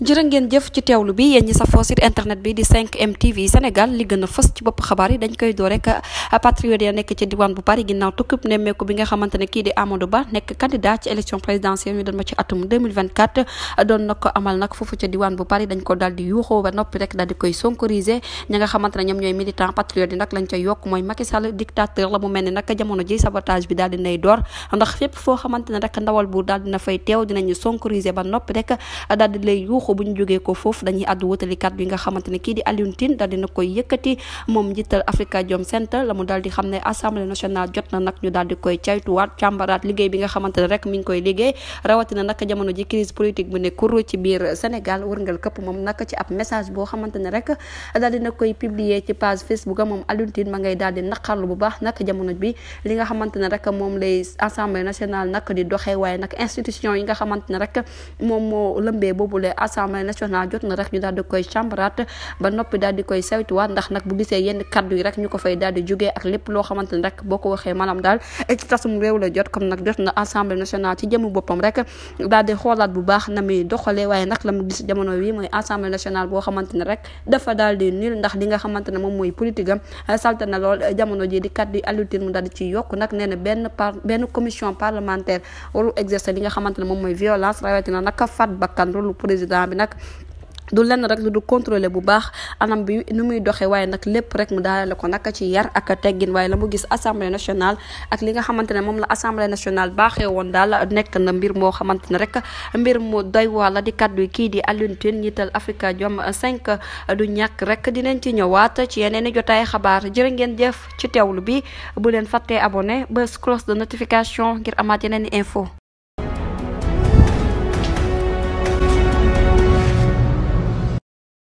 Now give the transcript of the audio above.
jërë ngeen jëf ci teewlu bi yéen ñi safoo site internet bi di 5M TV Sénégal li gën a fës ci bopp xabaar yi dañ koy door rek patriote ya nekk ci bu Paris ginnaaw tukkib nemmeeku bi nga xamante ne kii di Amadou Ba nekk candidat ci élection présidentielle ñu doon ma ko amal diwaan bu Paris dañ ko daal di yuuxoo ba noppi rek daal di koy sonkorisé ñi nga xamante ne ñoom ñooy militant patriote yi nag lañ koy yokk mooy Macky Sall dictateur la mu mel ni nag jamono ji sabotage bi daal di nay door ndax fépp foo xamante ne rek ndawal buur daal dina fay teew dinañu noppi rek daal di bu ñu jógee ko foofu dañuy àddu wutali kàddu yi nga xamante ne kii di Alioune Tine daal dina koy yëkkati moom njiital Afrikajom Center la mu daal di xam ne assemblée nationale nag di koy nag institution yi nga xamante rek moom moo lëmbee boobu lay assemblée assemblée nationale jot na rek ñu daal koy càmbaraat ba noppi daal di koy saytuwaat ndax nag bu gisee yenn kaddu yi rek ñu ko fay daal di ak lépp loo xamante rek boo ko waxee maanaam daal ci na assemblée nationale la mu gis jamono wi mooy assemblée nationale boo xamante ne rek dafa daal di ndax li nga xamante ne mooy politique am na lool jamono ji di kaddu yi allutir mu daal ci yokk nag nee benn par benn commission parlementaire warul exercer li nga xamante ne mooy violence bi nag du lenn rek lu du contrôler bu baax anam bi nu muy doxee waaye nag lépp rek mu daale ko naka ci yar ak teggin waaye la mu gis assemblée nationale ak li nga xamante ne moom la assemblée nationale baaxee woon daal nekk na mbir moo xamante ne rek mbir moo doy waa la di kaddu kii di Alioune Tine njiital Africa Jom 5 du ñàkk rek dinañ ci ñëwaat ci yeneen i jotaay xabaar jërë ngeen jëf ci teewlu bi bu leen fàttee abone ba cloche de notification ngir amaat yeneen i info